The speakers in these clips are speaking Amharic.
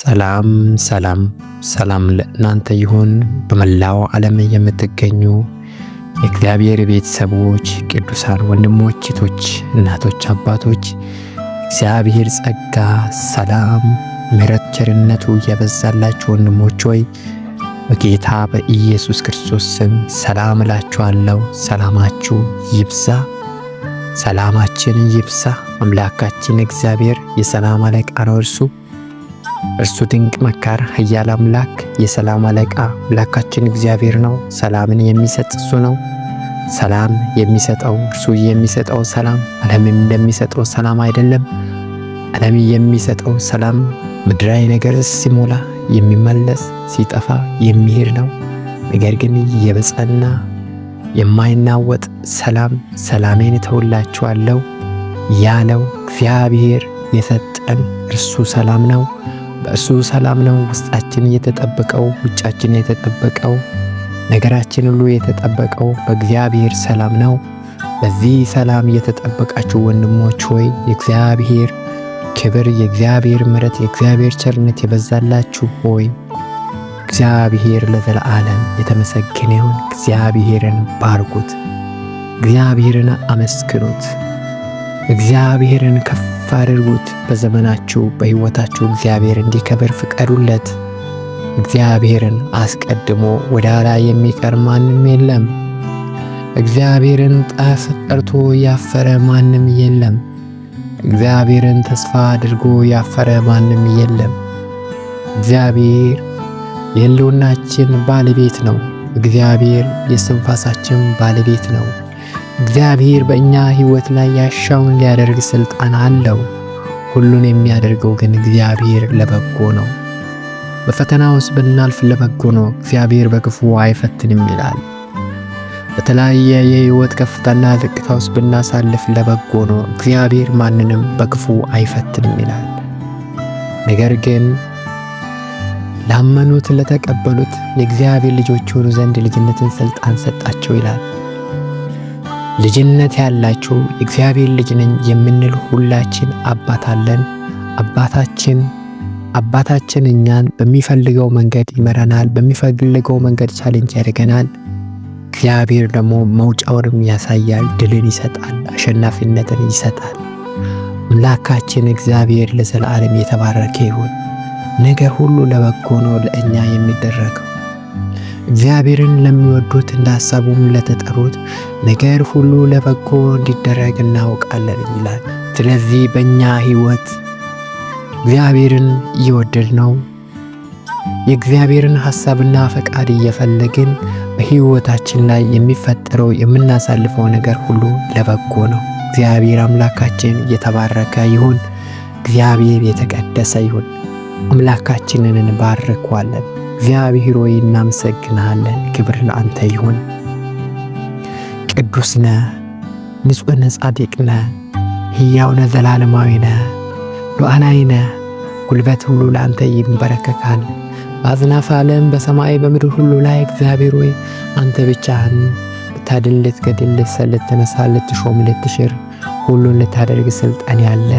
ሰላም ሰላም ሰላም ለእናንተ ይሁን። በመላው ዓለም የምትገኙ የእግዚአብሔር ቤተሰቦች፣ ቅዱሳን ወንድሞች፣ እህቶች፣ እናቶች፣ አባቶች እግዚአብሔር ጸጋ፣ ሰላም፣ ምሕረት፣ ቸርነቱ የበዛላችሁ ወንድሞች ሆይ በጌታ በኢየሱስ ክርስቶስ ስም ሰላም እላችኋለሁ። ሰላማችሁ ይብዛ፣ ሰላማችን ይብዛ። አምላካችን እግዚአብሔር የሰላም አለቃ ነው እርሱ እርሱ ድንቅ መካር፣ ኃያል አምላክ፣ የሰላም አለቃ አምላካችን እግዚአብሔር ነው። ሰላምን የሚሰጥ እሱ ነው። ሰላም የሚሰጠው እርሱ የሚሰጠው ሰላም ዓለም እንደሚሰጠው ሰላም አይደለም። ዓለም የሚሰጠው ሰላም ምድራዊ ነገር ሲሞላ የሚመለስ ሲጠፋ የሚሄድ ነው። ነገር ግን የበጸና የማይናወጥ ሰላም ሰላሜን እተውላችኋለሁ ያለው እግዚአብሔር የሰጠን እርሱ ሰላም ነው። እሱ ሰላም ነው ውስጣችን የተጠበቀው፣ ውጫችን የተጠበቀው፣ ነገራችን ሁሉ የተጠበቀው በእግዚአብሔር ሰላም ነው። በዚህ ሰላም የተጠበቃችሁ ወንድሞች ሆይ የእግዚአብሔር ክብር፣ የእግዚአብሔር ምረት፣ የእግዚአብሔር ቸርነት የበዛላችሁ ሆይ እግዚአብሔር ለዘለዓለም የተመሰገነውን እግዚአብሔርን ባርኩት፣ እግዚአብሔርን አመስግኑት፣ እግዚአብሔርን ከፍ ከፍ አድርጉት። በዘመናችሁ በሕይወታችሁ እግዚአብሔር እንዲከብር ፍቀዱለት። እግዚአብሔርን አስቀድሞ ወደ ኋላ የሚቀር ማንም የለም። እግዚአብሔርን ጣስ ጠርቶ ያፈረ ማንም የለም። እግዚአብሔርን ተስፋ አድርጎ ያፈረ ማንም የለም። እግዚአብሔር የሕልውናችን ባለቤት ነው። እግዚአብሔር የስንፋሳችን ባለቤት ነው። እግዚአብሔር በእኛ ሕይወት ላይ ያሻውን ሊያደርግ ሥልጣን አለው። ሁሉን የሚያደርገው ግን እግዚአብሔር ለበጎ ነው። በፈተና ውስጥ ብናልፍ ለበጎ ነው፣ እግዚአብሔር በክፉ አይፈትንም ይላል። በተለያየ የሕይወት ከፍታና ዝቅታ ውስጥ ብናሳልፍ ለበጎ ነው፣ እግዚአብሔር ማንንም በክፉ አይፈትንም ይላል። ነገር ግን ላመኑት፣ ለተቀበሉት የእግዚአብሔር ልጆች ሆኑ ዘንድ ልጅነትን ሥልጣን ሰጣቸው ይላል። ልጅነት ያላችሁ የእግዚአብሔር ልጅ ነኝ የምንል ሁላችን አባት አለን። አባታችን አባታችን እኛን በሚፈልገው መንገድ ይመራናል፣ በሚፈልገው መንገድ ቻሌንጅ ያደርገናል። እግዚአብሔር ደግሞ መውጫውንም ያሳያል፣ ድልን ይሰጣል፣ አሸናፊነትን ይሰጣል። አምላካችን እግዚአብሔር ለዘላለም የተባረከ ይሁን። ነገር ሁሉ ለበጎ ነው ለእኛ የሚደረገው እግዚአብሔርን ለሚወዱት እንደ ሐሳቡም ለተጠሩት ነገር ሁሉ ለበጎ እንዲደረግ እናውቃለን ይላል። ስለዚህ በእኛ ሕይወት እግዚአብሔርን እየወደድ ነው የእግዚአብሔርን ሐሳብና ፈቃድ እየፈለግን በሕይወታችን ላይ የሚፈጠረው የምናሳልፈው ነገር ሁሉ ለበጎ ነው። እግዚአብሔር አምላካችን እየተባረከ ይሁን። እግዚአብሔር የተቀደሰ ይሁን። አምላካችንን እንባርከዋለን። እግዚአብሔር ሆይ እናመሰግናለን ክብር ለአንተ ይሁን። ቅዱስ ነ ንጹሕ ነህ፣ ጻድቅ ነ ሕያው ነህ፣ ዘላለማዊ ነ፣ ሉዓላዊ ነ ጉልበት ሁሉ ለአንተ ይንበረከካል። በአጽናፈ ዓለም በሰማይ በምድር ሁሉ ላይ እግዚአብሔር ሆይ አንተ ብቻህን ልታድን፣ ልትገድል፣ ልትሰል፣ ልትነሳ፣ ልትሾም፣ ልትሽር ሁሉን ልታደርግ ስልጣን ያለ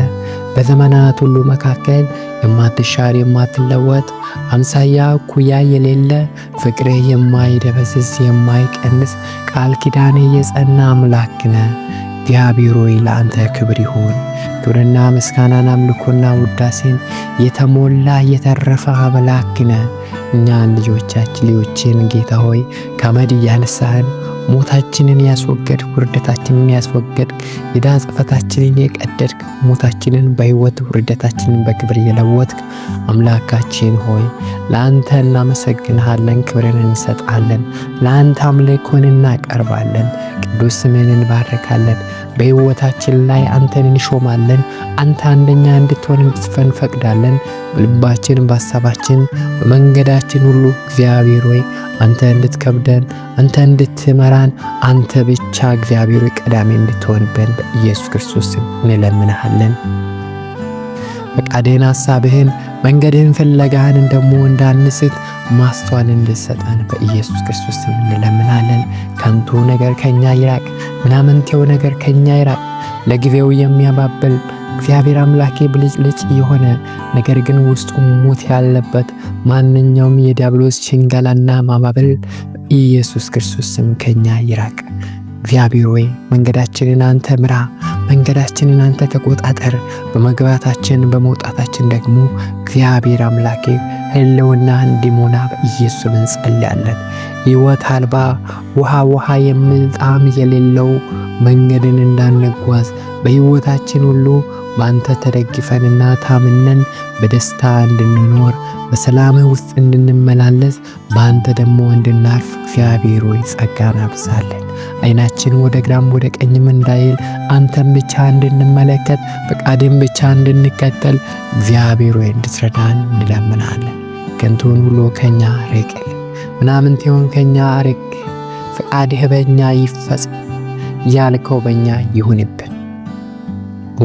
በዘመናት ሁሉ መካከል የማትሻር የማትለወጥ አምሳያ ኩያ የሌለ ፍቅርህ የማይደበዝዝ የማይቀንስ ቃል ኪዳን የጸና አምላክ ነ እግዚአብሔር ሆይ ለአንተ ክብር ይሁን። ክብርና ምስጋናን አምልኮና ውዳሴን የተሞላ የተረፈ አምላክ ነ እኛን ልጆቻችን ልጆችን ጌታ ሆይ ከአመድ እያነሳህን ሞታችንን ያስወገድ፣ ውርደታችንን ያስወገድ፣ የዳ ጽፈታችንን የቀደድክ፣ ሞታችንን በሕይወት ውርደታችንን በክብር የለወጥክ አምላካችን ሆይ ለአንተ እናመሰግንሃለን፣ ክብርን እንሰጣለን። ለአንተ አምልኮን እናቀርባለን፣ ቅዱስ ስምህን እንባርካለን። በሕይወታችን ላይ አንተን እንሾማለን። አንተ አንደኛ እንድትሆን እንድትፈን ፈቅዳለን። በልባችን፣ በሀሳባችን፣ በመንገዳችን ሁሉ እግዚአብሔር ሆይ አንተ እንድትከብደን፣ አንተ እንድትመራን፣ አንተ ብቻ እግዚአብሔር ቀዳሚ እንድትሆንበን በኢየሱስ ክርስቶስ ስም እንለምንሃለን። ፈቃድህን፣ ሐሳብህን፣ መንገድህን፣ ፍለጋህን ደግሞ እንዳንስት ማስተዋል እንድሰጠን በኢየሱስ ክርስቶስ እንለምናለን። ከንቱ ነገር ከእኛ ይራቅ፣ ምናምንቴው ነገር ከእኛ ይራቅ። ለጊዜው የሚያባብል እግዚአብሔር አምላኬ ብልጭልጭ የሆነ ነገር ግን ውስጡ ሞት ያለበት ማንኛውም የዲያብሎስ ሽንገላና ማባበል ኢየሱስ ክርስቶስ ስም ከኛ ይራቅ። እግዚአብሔር ወይ መንገዳችንን አንተ ምራ። መንገዳችንን አንተ ተቆጣጠር። በመግባታችን በመውጣታችን ደግሞ እግዚአብሔር አምላኬ ህልውና እንዲሞና በኢየሱስ እንጸልያለን። ሕይወት አልባ ውሃ ውሃ የሚል ጣዕም የሌለው መንገድን እንዳንጓዝ በሕይወታችን ሁሉ በአንተ ተደግፈንና ታምነን በደስታ እንድንኖር በሰላም ውስጥ እንድንመላለስ በአንተ ደግሞ እንድናርፍ እግዚአብሔር ሆይ ጸጋን አብዛለን። አይናችን ወደ ግራም ወደ ቀኝም እንዳይል አንተን ብቻ እንድንመለከት ፈቃድን ብቻ እንድንከተል እግዚአብሔር ወይ እንድትረዳን እንለምናለን። ከንቱን ሁሉ ከኛ ምናምን ምናምንቴውን ከኛ ርቅ፣ ፈቃድህ በኛ ይፈጽም፣ ያልከው በኛ ይሁንብን።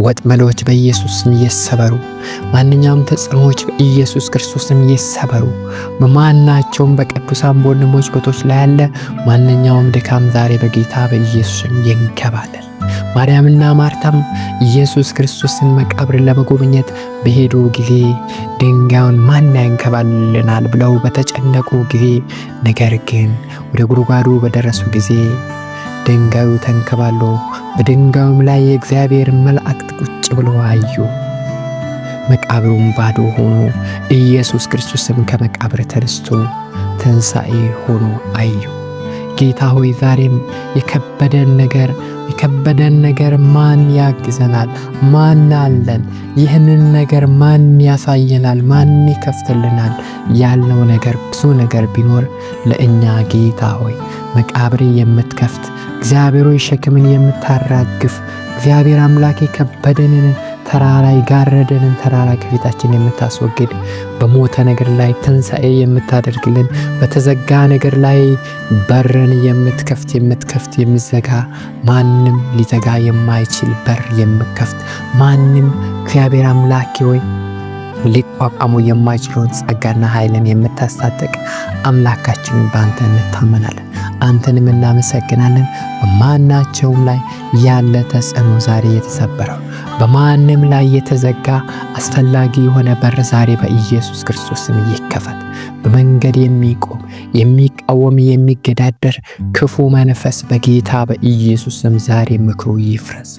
ወጥመዶች በኢየሱስ እየሰበሩ፣ ማንኛውም ተጽዕኖዎች በኢየሱስ ክርስቶስ እየሰበሩ፣ በማናቸውም በቅዱሳን በወንድሞች በቶች ላይ ያለ ማንኛውም ድካም ዛሬ በጌታ በኢየሱስ ይንከባለል። ማርያምና ማርታም ኢየሱስ ክርስቶስን መቃብር ለመጎብኘት በሄዱ ጊዜ ድንጋዩን ማን ያንከባልልናል ብለው በተጨነቁ ጊዜ ነገር ግን ወደ ጉድጓዱ በደረሱ ጊዜ ድንጋዩ ተንከባሎ፣ በድንጋዩም ላይ የእግዚአብሔር መላእክት ቁጭ ብሎ አዩ። መቃብሩም ባዶ ሆኖ ኢየሱስ ክርስቶስም ከመቃብር ተነስቶ ተንሣኤ ሆኖ አዩ። ጌታ ሆይ ዛሬም የከበደን ነገር የከበደን ነገር ማን ያግዘናል? ማን አለን? ይህንን ነገር ማን ያሳየናል? ማን ይከፍትልናል? ያለው ነገር ብዙ ነገር ቢኖር ለእኛ ጌታ ሆይ መቃብሬ የምትከፍት እግዚአብሔር ሸክምን የምታራግፍ እግዚአብሔር አምላኬ የከበደንን ተራራ የጋረደንን ተራራ ከፊታችን የምታስወግድ በሞተ ነገር ላይ ትንሣኤ የምታደርግልን በተዘጋ ነገር ላይ በርን የምትከፍት የምትከፍት የምዘጋ ማንም ሊዘጋ የማይችል በር የምከፍት ማንም እግዚአብሔር አምላኬ ሆይ ሊቋቋሙ የማይችለውን ጸጋና ኃይልን የምታስታጠቅ አምላካችን በአንተ እንታመናለን። አንተንም እናመሰግናለን። በማናቸውም ላይ ያለ ተጽዕኖ ዛሬ የተሰበረው፣ በማንም ላይ የተዘጋ አስፈላጊ የሆነ በር ዛሬ በኢየሱስ ክርስቶስም ይከፈት። በመንገድ የሚቆም የሚቃወም፣ የሚገዳደር ክፉ መንፈስ በጌታ በኢየሱስም ዛሬ ምክሩ ይፍረስ።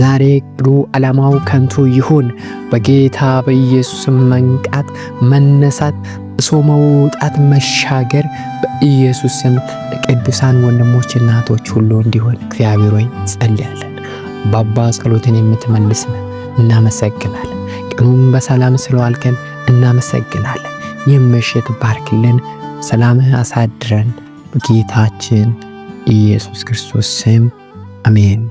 ዛሬ ቅዱ ዓላማው ከንቱ ይሁን። በጌታ በኢየሱስም መንቃት፣ መነሳት፣ እሶ መውጣት፣ መሻገር ኢየሱስ ስም ቅዱሳን ወንድሞች እናቶች ሁሉ እንዲሆን እግዚአብሔር ሆይ ጸልያለን። ባባ ጸሎትን የምትመልስ እናመሰግናለን። ቀኑን በሰላም ስለዋልከን እናመሰግናለን። የምሽት ባርክልን፣ ሰላምህ አሳድረን። በጌታችን ኢየሱስ ክርስቶስ ስም አሜን።